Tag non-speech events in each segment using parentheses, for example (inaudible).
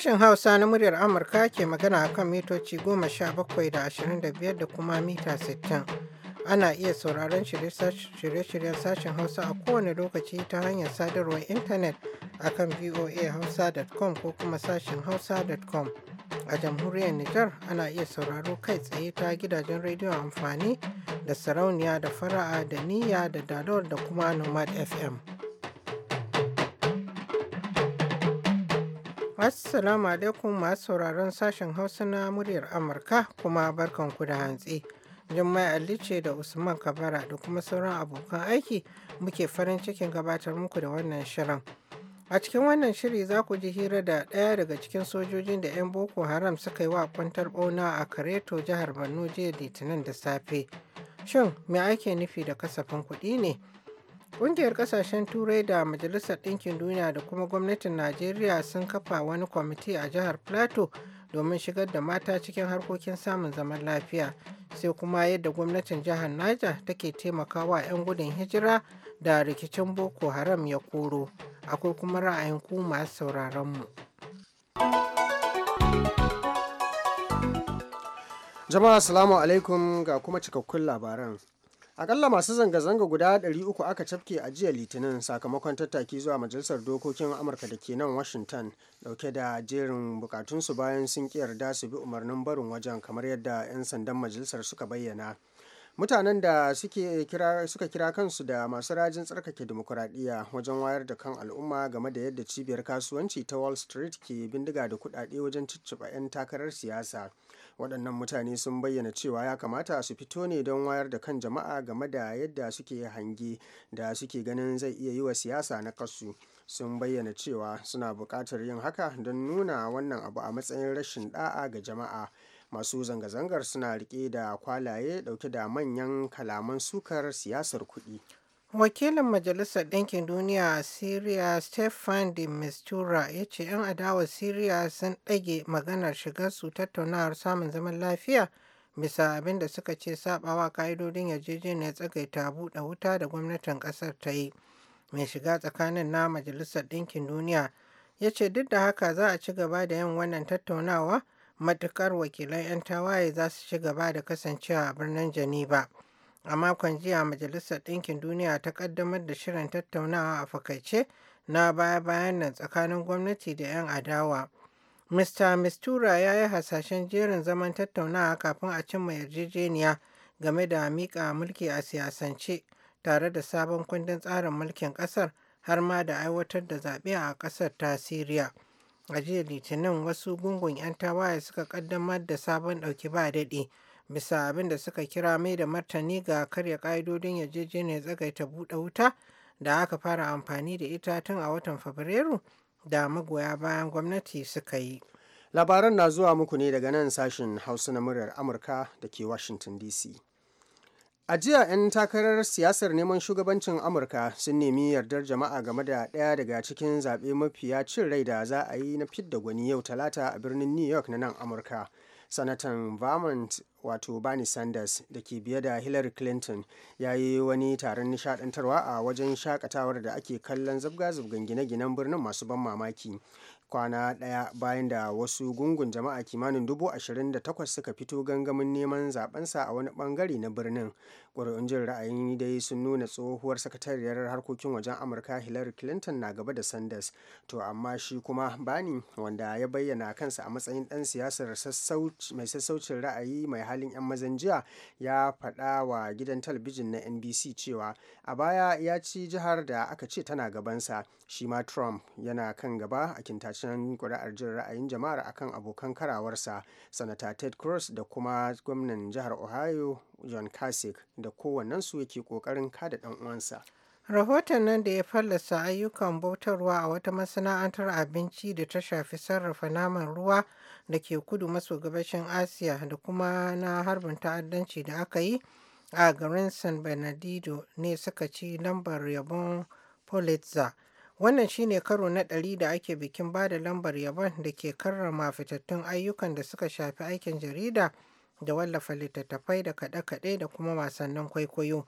Sashen Hausa na muryar Amurka ke magana a kan mitoci goma sha bakwai da ashirin da biyar da kuma mita sittin. Ana iya sauraron shirye-shiryen sashen Hausa a kowane lokaci ta hanyar sadarwar intanet akan voahausa.com ko kuma sashen hausa.com. A jamhuriyar Nijar ana iya sauraro kai tsaye ta gidajen rediyon amfani da sarauniya da fara'a da niyya da dalol da kuma nomad FM. Assalamu alaikum masu sauraron sashen Hausa na muryar Amurka kuma barkan ku da hantsi. Jummai Ali ce da Usman Kabara da kuma sauran abokan aiki muke farin cikin gabatar muku da wannan shirin. A cikin wannan shiri za ku ji hira da ɗaya daga cikin sojojin da 'yan Boko Haram suka yi wa kwantar ɓauna a Kareto jihar Borno jiya Litinin da safe. Shin me ake nufi da kasafin kuɗi ne? Ƙungiyar ƙasashen Turai da Majalisar Ɗinkin Duniya da kuma gwamnatin Najeriya sun kafa wani kwamiti a jihar Plateau domin shigar da mata cikin harkokin samun zaman lafiya, sai kuma yadda gwamnatin jihar Niger take taimakawa 'yan gudun hijira da rikicin Boko Haram ya koro. Akwai kuma ra'ayin ku masu sauraronmu. mu. Jama'a salamu alaikum ga kuma cikakkun labaran. akalla masu zanga-zanga guda 300 aka cafke a jiya litinin sakamakon tattaki zuwa majalisar dokokin amurka da ke nan washington dauke da jerin bukatunsu bayan sun yarda su bi umarnin barin wajen kamar yadda 'yan sandan majalisar suka bayyana mutanen da suka kira kansu da masu rajin tsarkake demokuraɗiyya wajen wayar da kan al'umma game da yadda cibiyar kasuwanci ta wall street ke bindiga da kuɗaɗe wajen cicciba 'yan takarar siyasa waɗannan mutane sun bayyana cewa ya kamata su fito ne don wayar da kan jama'a game da yadda suke hange da suke ganin zai iya yi wa siyasa na kasu sun bayyana cewa suna buƙatar yin haka don nuna wannan abu a matsayin rashin ɗa'a ga jama'a masu zanga-zangar suna rike da kwalaye dauke da manyan kalaman sukar siyasar kuɗi. wakilin majalisar ɗinkin duniya a syria stefan de mistura ya ce 'yan adawar syria sun ɗage maganar su tattaunawar samun zaman lafiya bisa abin da suka ce sabawa ka'idodin yarjejeniyar tsagaita buɗe wuta da gwamnatin ƙasar ta yi mai shiga tsakanin na majalisar ɗinkin duniya ya ce duk da haka za a ci gaba da yin wannan tattaunawa matukar wakilan 'yan tawaye za su ci gaba da kasancewa a birnin Geneva. A makon jiya Majalisar Ɗinkin Duniya ta ƙaddamar da shirin tattaunawa a fakaice na baya-bayan nan tsakanin gwamnati da 'yan adawa. Mr. Mistura ya yi hasashen jerin zaman tattaunawa kafin a cimma yarjejeniya game da miƙa mulki a siyasance tare da sabon kundin tsarin mulkin ƙasar har ma da aiwatar da zaɓe a ƙasar ta Siriya. a jiya litinin wasu gungun 'yan tawaye suka kaddamar da sabon dauki ba daɗe bisa abin da suka kira mai da martani ga karya ƙa'idodin yarjejeniyar tsagaita buɗe wuta da aka fara amfani da ita tun a watan fabrairu da magoya bayan gwamnati suka yi labaran na zuwa muku ne daga nan sashen hausa na muryar amurka da ke washington dc A jiya 'yan takarar siyasar neman shugabancin Amurka sun nemi yardar jama'a game da ɗaya daga cikin zaɓe mafiya cin rai da za a yi na fidda gwani yau talata a birnin New York na nan Amurka. Sanatan Vermont wato Bernie Sanders da ke biye da Hillary Clinton ya yi wani taron nishadantarwa a wajen shakatawar da ake kallon zabga-zabgan gine-ginen birnin masu ban mamaki. kwana ɗaya bayan da wasu gungun jama'a kimanin dubu ashirin da takwas suka fito gangamin neman zabensa a wani bangare na birnin ƙuri'un jin ra'ayin dai sun nuna tsohuwar sakatariyar harkokin wajen amurka hillary clinton na gaba da sanders to amma shi kuma bani wanda ya bayyana kansa a matsayin ɗan siyasar mai sassaucin ra'ayi mai halin 'yan mazan jiya ya faɗa wa gidan talabijin na nbc cewa a baya ya ci jihar da aka ce tana gabansa shi ma trump yana kan gaba a kintace ƙarshen kuri'ar jin ra'ayin jama'ar akan abokan karawarsa sanata ted cruz da kuma gwamnan jihar ohio john kasik da kowannensu yake kokarin kada dan uwansa rahoton nan da ya fallasa ayyukan bautarwa a wata masana'antar abinci da ta shafi sarrafa naman ruwa da ke kudu maso gabashin asiya da kuma na harbin ta'addanci da aka yi a garin san bernardino ne suka ci lambar yabon pulitzer Wannan shi ne karo na ɗari da ake bikin ba da lambar yabon da ke karrama fitattun ayyukan da suka shafi aikin jarida da wallafa littattafai da kaɗe-kaɗe da kuma wasannin kwaikwayo.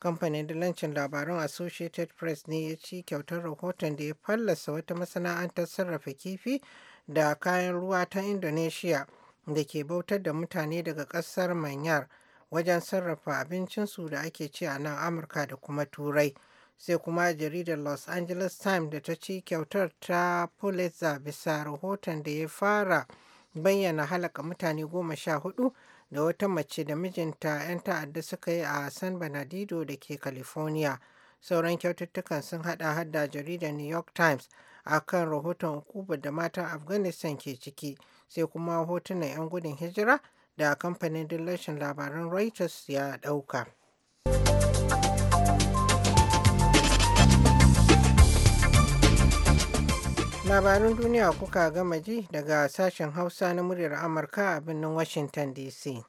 Kamfanin dalancin labaran Associated Press ne ya ci kyautar rahoton da ya fallasa wata masana'antar sarrafa kifi da kayan ruwa ta Indonesia da ke bautar da mutane daga ƙasar Manyar wajen sarrafa abincinsu da ake ci a nan Amurka da kuma Turai. sai kuma jaridar los angeles times da ta ci kyautar ta pulitzer bisa rahoton da ya fara bayyana halaka mutane goma sha hudu da wata mace da mijinta 'yan ta'adda suka yi a san bernardino da ke california sauran kyaututtukan sun hada hada jaridar new york times a kan rahoton hukumar da matan afghanistan ke ciki sai kuma hotunan 'yan gudun hijira da kamfanin dillashin labaran reuters ya dauka. labarin duniya kuka gama ji daga sashen hausa na muryar amurka a birnin washington dc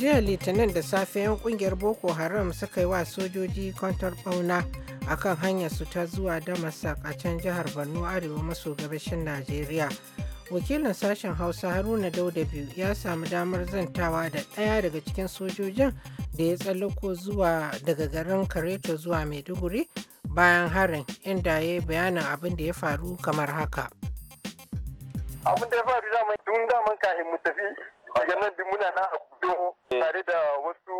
jiya litinin da safe yan kungiyar boko haram suka yi wa sojoji kwantar bauna a kan hanyar su ta zuwa damasak a can jihar borno arewa maso gabashin najeriya wakilin sashen hausa haruna dauda biyu ya samu damar zantawa da ɗaya daga cikin sojojin da ya tsallako zuwa daga garin kareto zuwa maiduguri bayan harin inda ya yi bayanin abin da ya faru kamar haka abin da ya faru dama tun daman kafin mu tafi daga nan din muna na abujo tare da wasu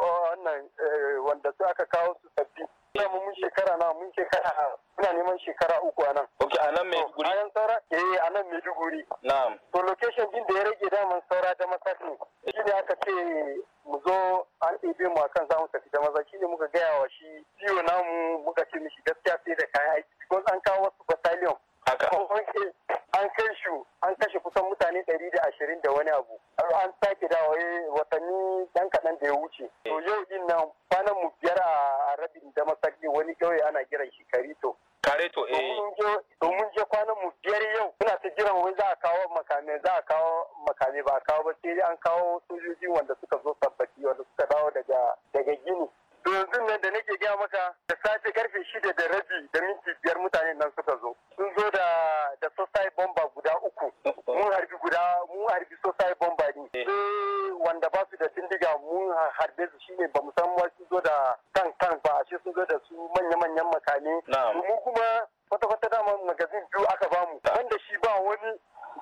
wannan eh, wanda su aka kawo su sabbi mun shekara na mun shekara muna neman shekara uku a nan ok a nan maiduguri a nan a nan Maiduguri. Na'am. To location din da ya rage daman saura da masafi. Shi ne aka ce mu zo an ɗebe mu akan za mu tafi da maza shi ne muka gaya wa shi ciwo e namu muka ce mishi gaskiya sai da kayan aiki. kun an kawo guda mu harbi eh. sai bomba ne wanda ba su da tindiga mu harbe su shine ba musamman san wasu zo da kan kan ba ashe sun zo da su manya-manyan makane mu kuma kwata-kwata dama magazin biyu aka bamu wanda shi ba wani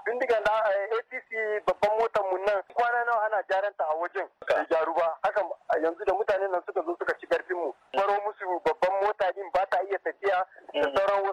bindiga da eh, APC babban motar mu nan kwana nawa ana jaranta a wajen da gyaru ba haka yanzu da mutane nan suka zo suka ci karfin mu faro mm. musu babban mota din ba ta iya tafiya da mm. sauran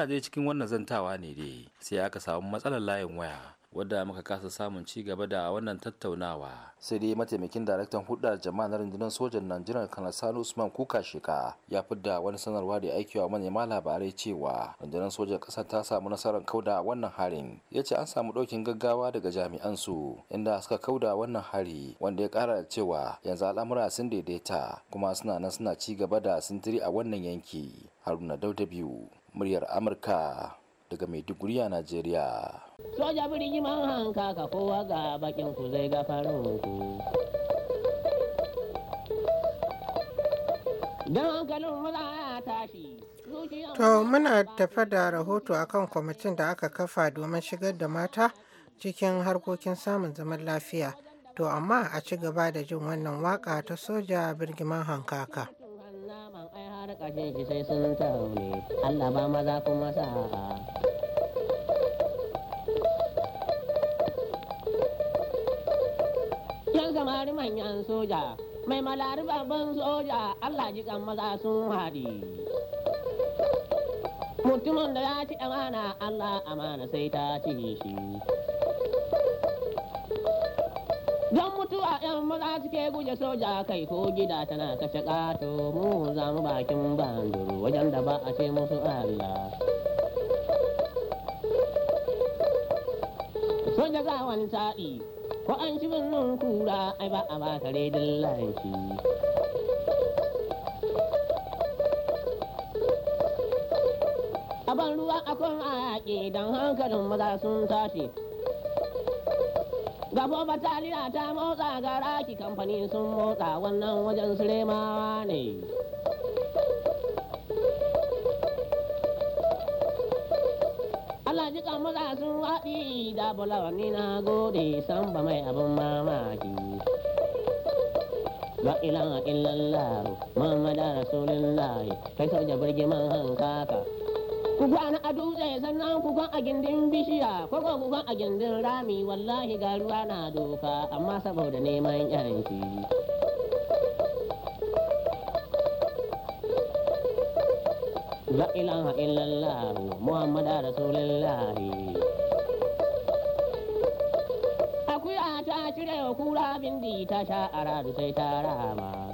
ana zai cikin wannan zantawa ne dai sai aka samu matsalar layin waya wadda muka kasa samun ci gaba da wannan tattaunawa sai dai mataimakin daraktan hudar jama'a na rundunar sojan najeriya kanar sani usman kuka sheka ya fidda wani sanarwa da aiki wa manema labarai cewa rundunar sojan kasar ta samu nasarar kauda wannan harin ya ce an samu ɗaukin gaggawa daga jami'an su inda suka kauda wannan hari wanda ya kara da cewa yanzu al'amura sun daidaita kuma suna nan suna ci gaba da sintiri a wannan yanki haruna dauda biyu muryar amurka daga maiduguri a najeriya soja birni man hanka ka kowa ga bakin ku zai gafarin ku To muna tafa da rahoto akan kwamitin da aka kafa domin shigar da mata cikin harkokin samun zaman lafiya. To amma a ci gaba da jin wannan waka ta soja birgiman hankaka. kashe shi sai sun ta haune Allah ba maza kuma yan samari manyan soja mai malari babban soja Allah ji kan maza sun haɗi mutumin da ya ci amana Allah amana sai ta ci shi Don mutuwa ‘yan maza suke guje soja kai ko gida tana kashe ƙato mu za mu bakin banduru wajen da ba a ce musu Allah. Soja za wani sa'i, ko an ci birnin kura ai ba a ba tare dillanci. A ban ruwa a a yaƙi don hankalin maza sun tashi. Gafo bataliya ta motsa ga raki kamfani sun motsa wannan wajen sulemawa ne. Allah ji maza sun waɗi da bulawani na gode san ba mai abin mamaki. La ilaha illallah Muhammadu layi, kai sauja birgiman hankaka. ku kwana a dutse sannan ku a gindin bishiya ko ku a gindin rami wallahi ga ruwa na doka amma saboda neman yanki la ilaha illallah muhammadu rasulullah akuya ta cire wa kura bindi ta sha aradu sai ta rama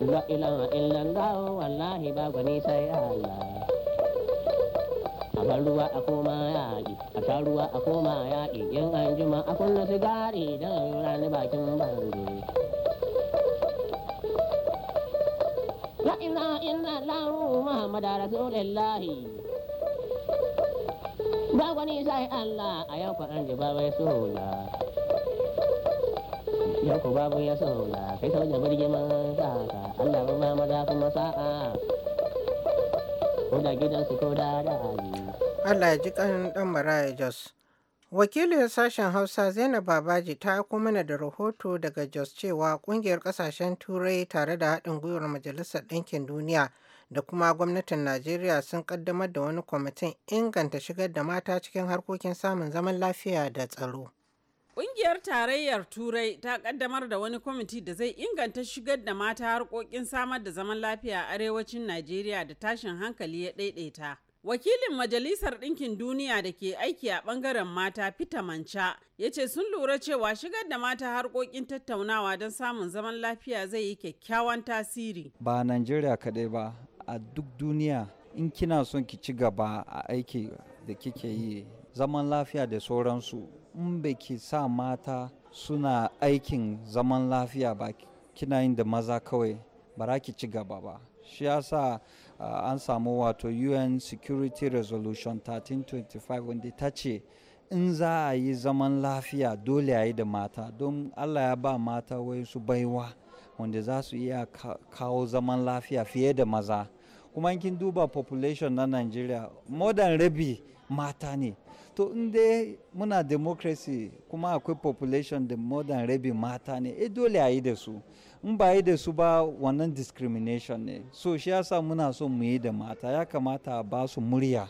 la ilaha illallah wallahi ba gwani sai allah ruwa a koma yaƙi a sha ruwa a koma yaƙi yin an jima a kunna sigari don rani bakin bangi la ina lahu muhammadu rasulullahi ba wani sai Allah a yau ku an ji ba bai sola yau ku babu ya sola kai sauya birgiman saka Allah ba ma maza kuma sa'a ko gidansu ko da ra'ayi. Allah ya ji kan dan Maraya Jos. Wakilin sashen Hausa Zainab Babaji ta aiko mana da rahoto daga Jos cewa ƙungiyar ƙasashen Turai tare da haɗin gwiwar Majalisar Ɗinkin Duniya da kuma gwamnatin Najeriya sun kaddamar da wani kwamitin inganta shigar da mata cikin harkokin samun zaman lafiya da tsaro. Ƙungiyar Tarayyar Turai ta ƙaddamar da wani kwamiti da zai inganta shigar da mata harkokin samar da zaman lafiya a arewacin Najeriya da tashin hankali ya ɗaiɗaita. Wakilin Majalisar Ɗinkin Duniya da ke aiki a ɓangaren mata Peter Manca ya ce sun lura cewa shigar da mata harkokin tattaunawa don samun zaman lafiya zai yi kyakkyawan tasiri. Ba Najeriya kaɗai ba, a duk duniya in kina son ki ci gaba a aiki da kike yi zaman lafiya da sauransu in ba ki sa mata suna aikin zaman lafiya ba kina yin da maza kawai ba ki ci gaba ba shi ya sa an samu wato un security resolution 1325 wanda ta ce in za a yi zaman lafiya dole a yi da mata don allah ya ba mata wai su baiwa wanda za su iya kawo zaman lafiya fiye da maza kuma kin duba population na nigeria more than rabi mata ne to in dai muna democracy kuma akwai population da more than rabi mata ne e dole a yi da su in ba yi da su ba wannan discrimination ne so shi yasa muna so mu yi da mata ya kamata a ba su murya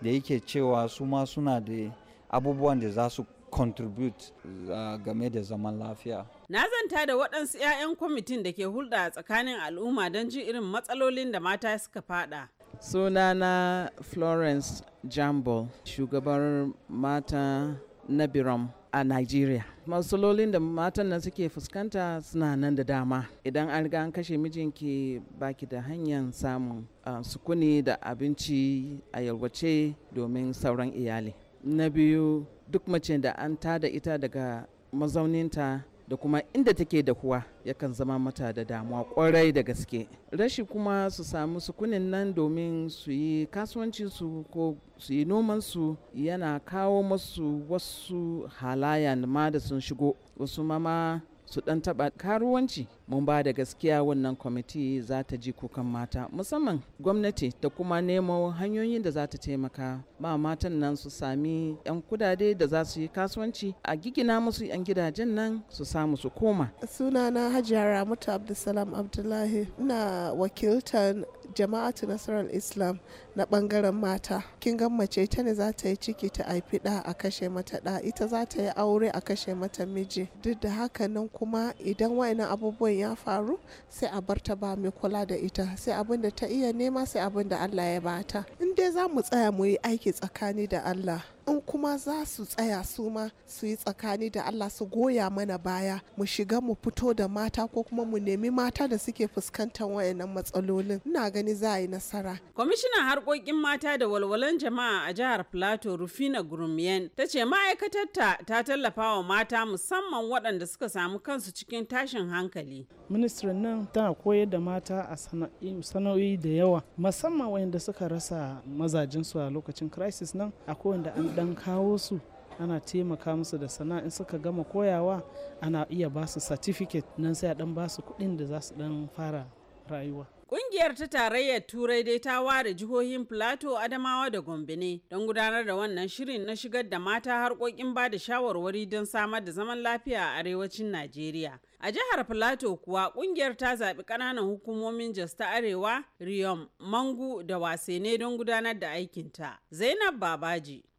da yake cewa su ma suna da abubuwan da za su contribute ah, game da zaman lafiya na zanta da waɗansu 'ya'yan kwamitin da ke hulɗa tsakanin al'umma don ji irin matsalolin da mata suka fada sunana florence jambol shugabar mata na biram a nigeria matsalolin da matan nan suke fuskanta suna nan da dama idan an riga an kashe mijinki baki da hanyar samun sukuni da abinci a yawace domin sauran iyali na biyu duk mace da an tada ita daga mazauninta da kuma inda take da kuwa yakan zama mata da damuwa kwarai da gaske rashi kuma su samu sukunin nan domin su yi kasuwancinsu ko su yi nomansu yana kawo masu wasu halayen ma da sun shigo wasu mama su dan taba karuwanci mun ba da gaskiya wannan kwamiti za ta ji kukan mata musamman gwamnati da kuma nemo hanyoyin da za ta taimaka ba matan nan su sami yan kudade da za su yi kasuwanci a gigina musu yan gidajen nan su samu su koma sunana hajiya ramuta abdulsalam abdullahi ina wakiltar jama'atu nasarar islam na bangaren mata kin gan mace ta ne za ta yi ciki ta haifi ɗa a kashe mata ɗa ita za ta yi aure a kashe mata miji duk da haka nan kuma idan wayannan abubuwan ya faru sai a bar ta ba mai kula da ita sai abin da ta iya nema sai abin da Allah ya bata in dai za mu tsaya mu yi aiki tsakani da Allah in kuma za su tsaya su ma su yi tsakani da Allah su goya mana baya mu shiga mu fito da mata ko kuma mu nemi mata da suke fuskantar wayannan matsalolin ina gani za a yi nasara kwamishinan harkokin mata da walwalan jama'a a jihar plateau rufina gurumiyan ta ce ma'aikatarta ta tallafa wa mata musamman waɗanda suka samu kansu cikin tashin hankali ministrin nan ta koyar da mata a sana'o'i da yawa musamman wayanda suka rasa mazajinsu a lokacin crisis nan akwai wanda an ɗan kawo su ana taimaka musu da sana'a in suka gama koyawa ana iya ba su certificate nan sai a ɗan ba su kuɗin da za su ɗan fara rayuwa. Ƙungiyar ta tarayyar Turai dai ta ware jihohin Plateau, Adamawa da Gombe ne don gudanar da wannan shirin na shigar da mata harkokin ba da shawarwari don samar da zaman lafiya a arewacin Najeriya. A jihar Plateau kuwa ƙungiyar ta zaɓi ƙananan hukumomin Jos ta Arewa, Riyom, Mangu da Wasene don gudanar da aikinta. Zainab Babaji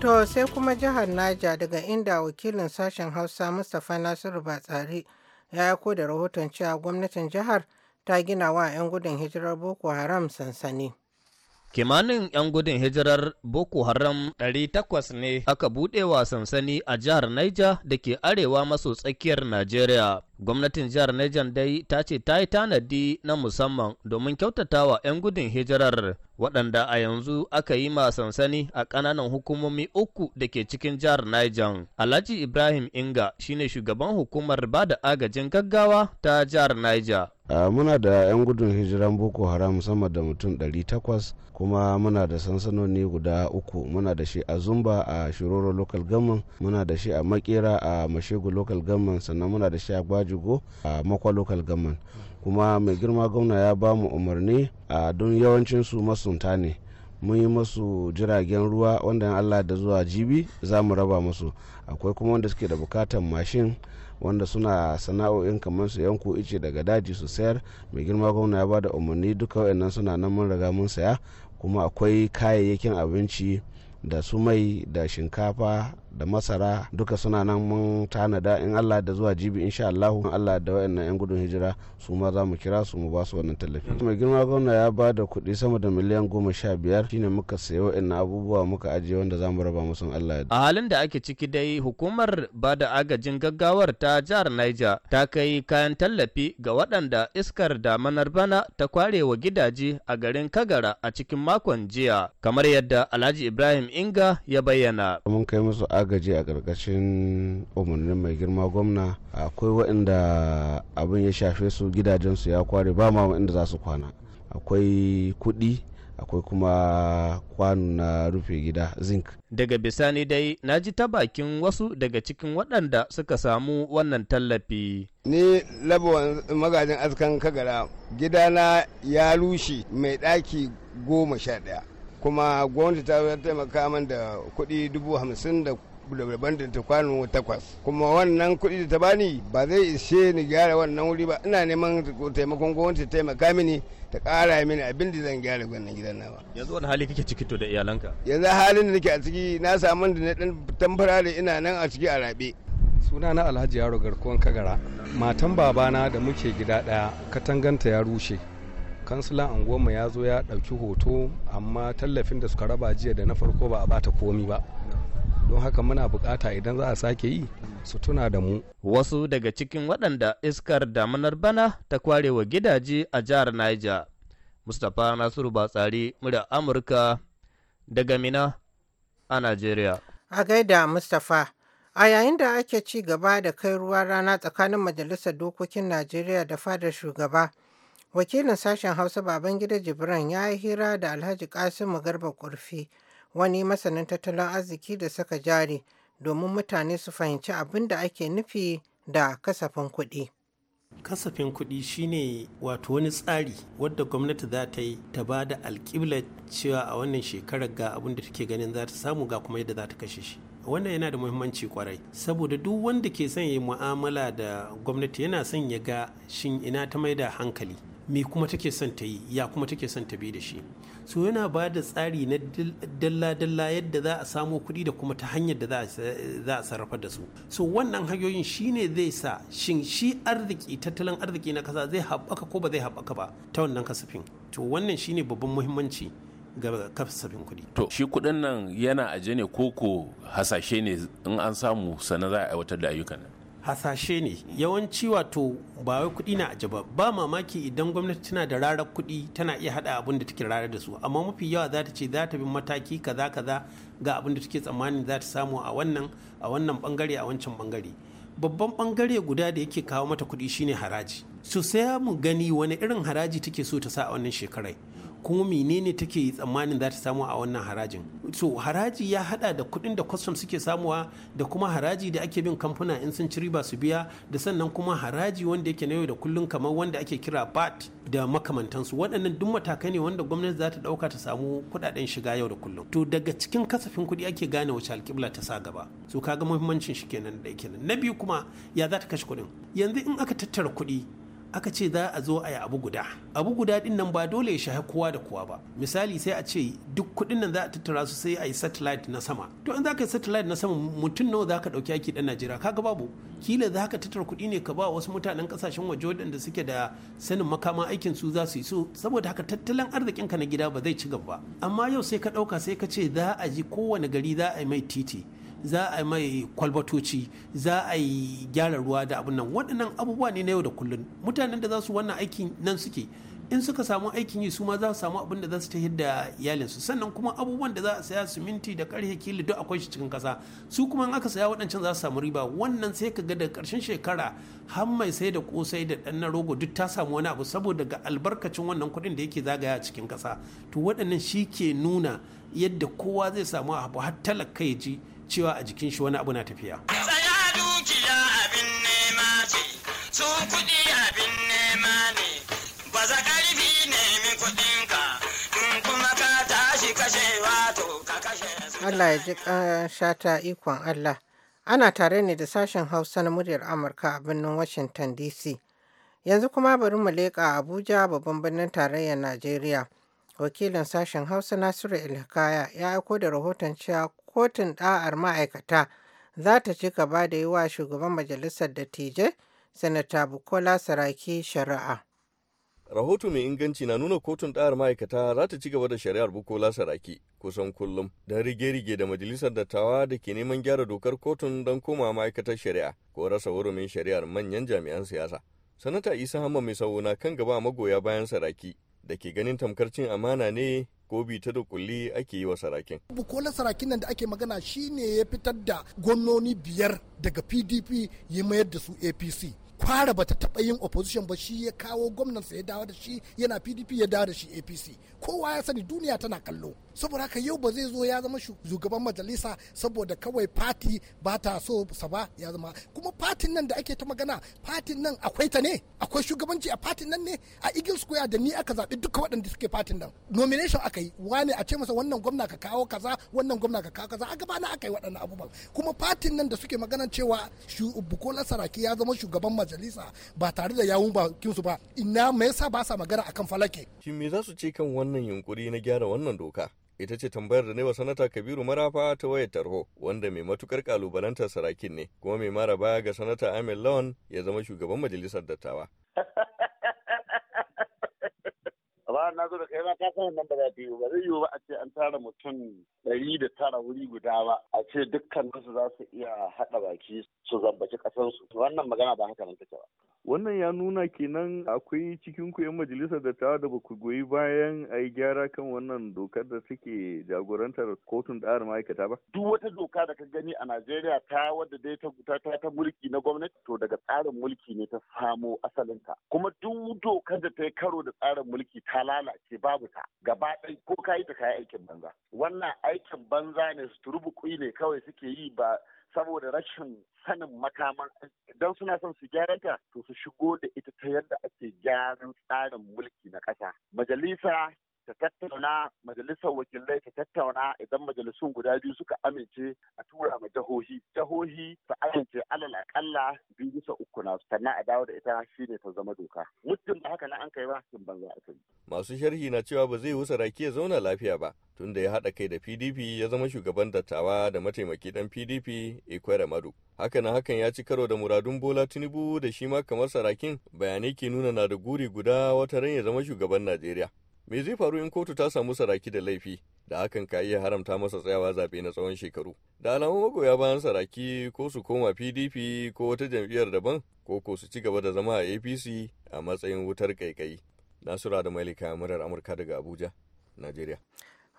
To sai kuma jihar Naja daga inda wakilin sashen Hausa Mustapha Nasiru Batsari ya yako da rahoton cewa gwamnatin jihar ta gina wa 'yan gudun hijirar Boko Haram sansani. Kimanin 'yan gudun hijirar Boko Haram 800 ne aka buɗewa sansani a jihar Niger da ke arewa maso tsakiyar Najeriya. Gwamnatin jihar Niger dai ta ce ta yi tanadi na musamman domin kyautatawa 'yan gudun hijirar waɗanda a yanzu aka yi ma sansani a ƙananan hukumomi uku da ke cikin jihar Niger. Alhaji Ibrahim Inga shine shugaban hukumar ba da agajin gaggawa ta jihar Niger. muna da 'yan gudun hijiran boko haram sama da mutum 800 kuma muna da sansanoni guda uku muna da shi a zumba a shiroro local government muna da shi a makera a mashegu local government sannan muna da shi a gwaji jigo a makwa local government kuma mai girma gwamna ya ba mu umarni a don yawancin su masunta ne mun yi masu jiragen ruwa wanda allah da zuwa jibi za mu raba masu akwai kuma wanda suke da bukatan mashin wanda suna sana'o'in kamar su yanku ice daga daji su sayar mai girma gwamna ya ba da umarni duka wayannan suna nan mun riga mun saya kuma akwai kayayyakin abinci da su mai da shinkafa da masara duka suna nan mun tanada in Allah da zuwa jibi insha Allah Allah da wayannan yan gudun hijira su ma za mu kira su mu ba su wannan tallafi mai girma gwamna ya ba da kuɗi sama da miliyan goma sha biyar shine muka sayo wayannan abubuwa muka ajiye wanda za mu raba musu Allah a halin da ake ciki dai hukumar ba da agajin gaggawar ta jihar Niger ta kai kayan tallafi ga waɗanda iskar damanar bana ta kwarewa gidaje a garin Kagara a cikin makon jiya kamar yadda Alhaji Ibrahim Inga ya bayyana. Mun kai musu agaji a ƙarƙashin umarnin mai girma gwamna akwai waɗanda abin ya shafe su gidajensu ya kware ba ma inda za su kwana. Akwai kuɗi akwai kuma kwano na rufe gida zinc. Daga bisani dai na ji ta bakin wasu daga cikin waɗanda suka samu wannan tallafi. Ni labuwan magajin askan kagara gidana ya rushe mai ɗaki goma sha ɗaya. kuma gwamnati ta taimaka min da kuɗi dubu hamsin da daban da ta kwano takwas kuma wannan kuɗi da ta bani ba zai ishe ni gyara wannan wuri ba ina neman taimakon gwamnati ta taimaka mini ta ƙara mini abin da zan gyara wannan gidan nawa yanzu wani hali kake ciki to da iyalanka yanzu halin da nake a ciki na samu da na dan tamfara da ina nan a ciki a rabe sunana alhaji yaro garkuwan kagara matan babana da muke gida ɗaya katanganta ya rushe kansilan anguwanmu ya zo ya ɗauki hoto amma tallafin da suka raba jiya da na farko ba a bata komi ba don haka muna bukata idan za a sake yi su tuna da mu wasu daga cikin waɗanda iskar damunar bana ta kware wa gidaje a jihar niger mustapha nasiru batsari murya amurka daga mina a nigeria a gaida mustapha A yayin da ake ci gaba da kai ruwa rana tsakanin Majalisar Dokokin Najeriya da fadar shugaba, Wakilin sashen Hausa baban gida Jibran ya yi hira da Alhaji Kasimu Garba Kurfi, wani masanin tattalin arziki da saka jari domin mutane su fahimci abin da ake nufi da kasafin kuɗi. kasafin kuɗi shine wato wani tsari wadda gwamnati za ta yi ta ba da alƙibla cewa a wannan shekarar ga abin da take ganin za ta samu ga kuma yadda za ta kashe shi wannan yana da muhimmanci kwarai saboda duk wanda ke son ya mu'amala da gwamnati yana son ya ga shin ina ta mai da hankali me kuma take son ta yi ya kuma take son ta bi da shi so yana ba da tsari na dalla-dalla yadda za a samo kuɗi da kuma ta hanyar da za a sarrafa da su so wannan hanyoyin shine zai sa shin shi arziki tattalin arziki na kasa zai haɓaka ko ba zai haɓaka ba ta wannan kasafin to wannan shine babban muhimmanci ga kasafin kuɗi. To shi kuɗin nan yana aje ne koko hasashe ne in an samu sannan za a aiwatar da ayyukan nan. hasashe ne yawanci wato ba wai kuɗi na aji ba mamaki idan gwamnati tana da rarar kuɗi tana iya haɗa abin da take rarar da su amma mafi yawa za ta ce za ta bi mataki kaza kaza ga abin da take tsammanin za ta samu a wannan a wannan bangare a wancan bangare babban bangare guda da yake kawo mata kuɗi shine haraji sosai sai mu gani wani irin haraji take so ta sa a wannan shekarai kuma menene take tsammanin za ta samu a wannan harajin so haraji ya hada da kuɗin da kwastam suke samuwa da kuma haraji da ake bin kamfuna in sun ci riba su biya da sannan kuma haraji wanda yake na yau da kullun kamar wanda ake kira bat da makamantansu waɗannan duk matakai ne wanda gwamnati za ta ɗauka ta samu kudaden shiga yau da kullum to daga cikin kasafin kuɗi ake gane wace alƙibla ta sa gaba so kaga muhimmancin shi kenan da nan? na biyu kuma ya za ta kashe kuɗin yanzu in aka tattara kuɗi aka ce za a zo a yi abu guda abu guda din nan ba dole ya shahi kowa da kowa ba misali sai a ce duk kuɗin nan za a tattara su sai a yi satellite na sama to in za ka yi satellite na sama mutum nawa za ka ɗauki aiki ɗan najeriya kaga babu kila za ka tattara kuɗi ne ka ba wasu mutanen kasashen waje waɗanda suke da sanin makaman aikin su za su yi so saboda haka tattalin arzikin ka na gida ba zai ci gaba amma yau sai ka ɗauka sai ka ce za a ji kowane gari za a yi mai titi za a mai kwalbatoci za a yi gyara ruwa da abin nan waɗannan abubuwa ne na yau da kullun mutanen da za su wannan aikin nan suke in suka samu aikin yi su ma za su samu abin da za su ta da iyalinsu sannan kuma abubuwan da za a saya siminti da karhe kili duk akwai shi cikin kasa su kuma in aka saya waɗancan za su samu riba wannan sai ka ga da ƙarshen shekara har mai sai da kosai da ɗan na rogo duk ta samu wani abu saboda ga albarkacin wannan kuɗin da yake zagaya a cikin kasa to waɗannan shi ke nuna yadda kowa zai samu abu har talaka ya ji cewa a jikin shi wani abu na tafiya tsaya dukiya abin nema ce su kuɗi abin nema ne ba za ƙarfi nemi kuɗinka in kuma ka tashi kashe wato ka kashe Allah ya ji shata ikon Allah ana tare ne da sashen hausa na muryar amurka a birnin washington dc yanzu kuma bari mu leƙa abuja babban birnin tarayyar najeriya wakilin sashen hausa nasiru ilhikaya ya aiko da rahoton cewa kotun ɗa'ar ma'aikata za ta ci gaba da yi wa shugaban majalisar dattijai sanata bukola saraki shari'a rahoto mai inganci na nuna kotun ɗa'ar ma'aikata za ta ci gaba da shari'ar bukola saraki kusan kullum don rige-rige da majalisar dattawa da ke neman gyara dokar kotun don koma ma'aikatar shari'a ko rasa wurumin shari'ar manyan jami'an siyasa sanata isa hamma mai sauna kan gaba magoya bayan saraki da ke ganin tamkar cin amana ne bi ta da kulli ake yi wa sarakin. Bukola sarakin nan da ake magana shi ne ya fitar da gwamnoni biyar daga PDP ya mayar da su APC. kwara bata taɓa yin opposition ba shi ya kawo gwamnansa ya dawo da shi yana pdp ya dawo da shi apc kowa ya sani duniya tana kallo saboda haka yau ba zai zo ya zama shugaban majalisa saboda kawai fati ba ta so sa ba ya zama kuma fatin nan da ake ta magana fatin nan akwai ta ne akwai shugabanci a fatin nan ne a eagle square da ni aka zaɓi duka waɗanda suke fatin nan nomination aka yi wane a ce masa wannan gwamna ka kawo kaza wannan gwamna ka kawo kaza a gaba na aka yi waɗannan abubuwan kuma fatin nan da suke magana cewa bukola saraki ya zama shugaban majalisa ba tare da yawun kinsu ba ina me yasa ba sa magana akan falake shin me za su ce kan wannan yunkuri na gyara wannan doka ita ce tambayar da wa sanata kabiru marafa ta wayar tarho wanda mai matukar kalubalantar sarakin ne kuma mai mara baya ga sanata ahmed lawan ya zama shugaban majalisar dattawa (laughs) ba na zo da kai ma ka san nan ba za ta yi ba zai yiwu ba a ce an tara mutum ɗari da tara wuri guda ba a ce dukkan su za su iya haɗa baki su zambaci ƙasarsu wannan magana ba haka nan take ba wannan ya nuna kenan akwai cikin ku 'yan majalisar da ta da ba goyi bayan a yi gyara kan wannan dokar da suke jagorantar kotun tsarin ma'aikata ba duk wata doka da ka gani a najeriya ta wadda dai ta ta ta mulki na gwamnati to daga tsarin mulki ne ta samo asalinta kuma duk dokar da ta yi karo da tsarin mulki ta lalace babu ta gaba ɗaya ko ka yi ta kayi aikin banza wannan aikin banza ne su ne kawai suke yi ba saboda rashin sanin makaman idan suna son su gyara ta to su shigo da ita ta yadda ake gyaran tsarin mulki na ƙasa majalisa ta tattauna majalisar wakilai ta tattauna idan majalisun guda biyu suka amince a tura ma jahohi jahohi su amince alal akalla biyu bisa uku na sannan a dawo da ita shine ta zama doka muddin ba haka na an kai ba kin banza a yi masu sharhi na cewa ba zai wusa raki ya zauna lafiya ba tunda ya haɗa kai da PDP ya zama shugaban dattawa da mataimaki dan PDP Ikwere Madu haka na hakan ya ci karo da muradun Bola Tinubu da shi ma kamar sarakin bayanai ke nuna na da guri guda wata ran ya zama shugaban Najeriya Me zai faru in kotu ta samu saraki da laifi da hakan ka iya haramta masa tsayawa zaɓe na tsawon shekaru? Da alamun magoya bayan saraki ko su koma PDP ko wata jam'iyyar daban ko ko su ci gaba da zama a APC a matsayin wutar kaikayi. Nasura da Malika murar Amurka daga Abuja, Najeriya.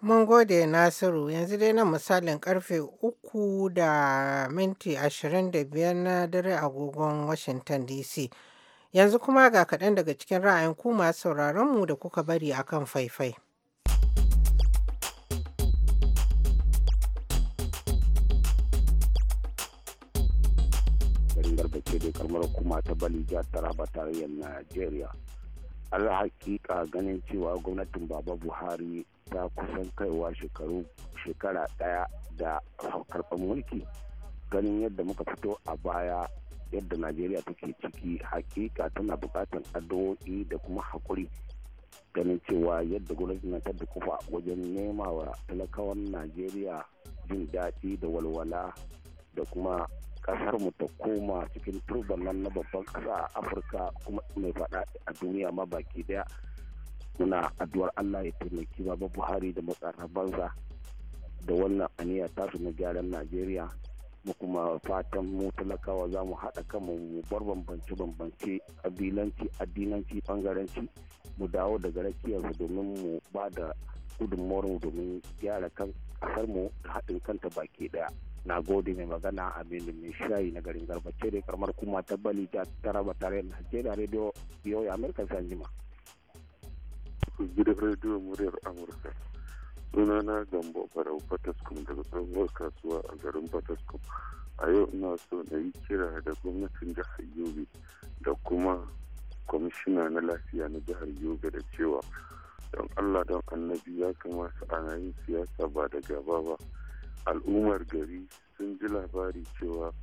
Mun gode Nasiru yanzu dai nan misalin karfe uku da minti ashirin da biyar na dare agogon Washington DC. Yanzu kuma ga kaɗan daga cikin ra'ayin ku masu sauraronmu da kuka bari a kan faifai. Garbace da kalmar kuma ta bali jihar Taraba tarayyar Najeriya. alhakika ganin cewa gwamnatin baba buhari ta kusan kaiwa shekaru shekara daya da karɓar mulki ganin yadda muka fito a baya yadda najeriya take ciki hakika tana bukatar addu'o'i da kuma hakuri ganin cewa yadda gwamnati na ta kufa wajen nema wa talakawan najeriya jin daɗi da walwala da kuma kasar mu ta koma cikin turban nan na babban kasa a afirka kuma mai faɗa a duniya ma baki daya muna addu'ar allah ya taimaki baba buhari da banza da wannan aniya tasu na gyaran najeriya mu kuma fatan mu talakawa za mu haɗa kanmu mu bar bambance bambance abilanci addinanci bangaranci mu dawo daga rakiyarsu domin mu ba da gudunmuwar mu domin gyara kan kasar mu da haɗin kanta baki ɗaya na gode mai magana aminu mai shayi na garin garbace da karmar kuma ta bali ta taraba tare da najeriya rediyo biyo ya amurka sanjima gidan rediyo muryar amurka suna na gambo farau fataskum daga tsohuwar kasuwa a garin fataskum a yau ina so na yi kira da gwamnatin jihar yobe da kuma kwamishina na lafiya na jihar yobe da cewa don allah don annabi ya kamata ana yin siyasa ba da gaba ba al'ummar gari sun ji labari cewa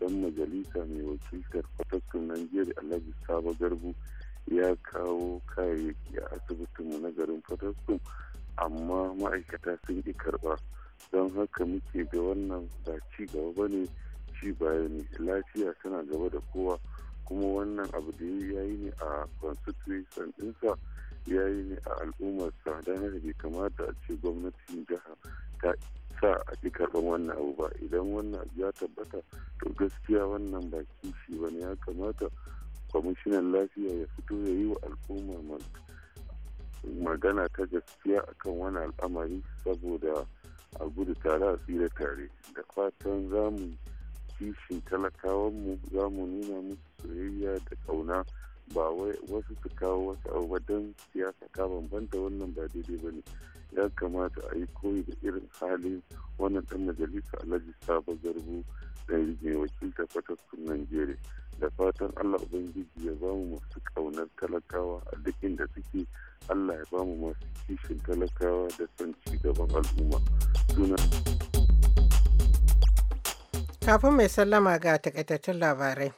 dan majalisa mai wakiltar fataskum nigeria alhaji sabo garbu ya kawo kayayyaki a asibitinmu na garin fataskum amma ma'aikata sun ƙi karɓa don haka muke ga wannan ba ci gaba ba ne ci baya ne lafiya tana gaba da kowa kuma wannan abu da ya yi ne a constitution ɗinsa ya yi ne a al'ummar al'ummarsa don haka bai kamata a ce gwamnatin jiha ta sa a ƙi karɓar wannan abu ba idan wannan ya tabbata to gaskiya wannan ba kishi ba ne ya kamata kwamishinan lafiya ya fito ya yi wa al'ummar al'umma magana ta gaskiya akan wani al'amari saboda a gudu tare a tsira tare da fatan za mu kishin talakawanmu za mu nuna musu soyayya da kauna ba wasu su kawo wasu abu don siyasa ka bambanta wannan ba daidai ba ne ya kamata a yi koyi da irin halin wannan dan majalisa alhaji sabon garbu da mai wakilta fataskun nigeria da fatan allah ubangiji ya bamu masu kaunar talakawa a duk da suke allah ya bamu masu kishin talakawa da son ci gaban al'umma suna kafin mai sallama ga takaitattun labarai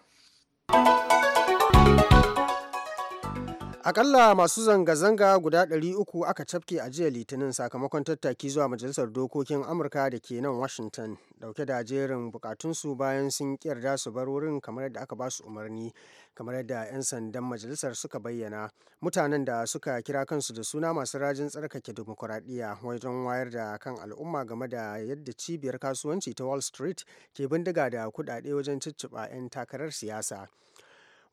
Akalla masu zanga-zanga guda 300 aka cafke a jiya Litinin sakamakon tattaki zuwa Majalisar Dokokin Amurka da ke nan Washington dauke da jerin bukatunsu bayan sun yarda su bar wurin kamar yadda aka ba su umarni kamar yadda 'yan sandan majalisar suka bayyana mutanen da suka kira kansu da suna masu rajin tsarkake dimokuraɗiyya wajen wayar da kan al'umma game da yadda cibiyar kasuwanci ta Wall Street ke bindiga da kuɗaɗe wajen cicciɓa 'yan takarar siyasa.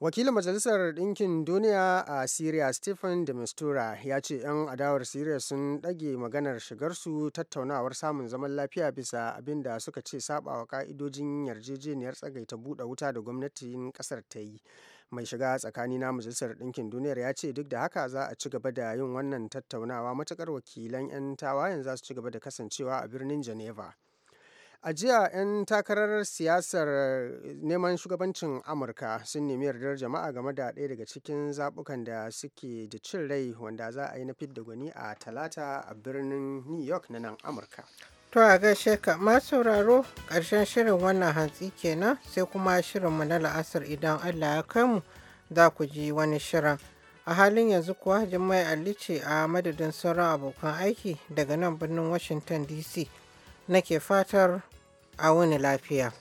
wakilin majalisar ɗinkin duniya a syria stephen de mistura ya ce 'yan adawar syria sun ɗage maganar shigarsu tattaunawar samun zaman lafiya bisa abinda suka ce sabawa ka'idojin yarjejeniyar tsagaita buɗe wuta da gwamnatin ƙasar ta yi mai shiga tsakani na majalisar ɗinkin duniyar ya ce duk da haka za a ci gaba da yin wannan tattaunawa matukar wakilan 'yan tawayen za su ci gaba da kasancewa a birnin geneva A jiya 'yan takarar siyasar eh, neman shugabancin Amurka sun nemi yardar jama'a game da ɗaya daga cikin zaɓukan da suke da cin rai wanda za a yi na fidda gwani a talata a birnin New York na nan Amurka. To a gaishe ka ma sauraro ƙarshen shirin wannan hantsi kenan sai kuma shirin mu na la'asar idan Allah ya kai mu za ku ji wani shirin. A halin yanzu kuwa jima'i Ali ce a madadin sauran abokan aiki daga nan birnin Washington DC. Nake fatar I want to live here.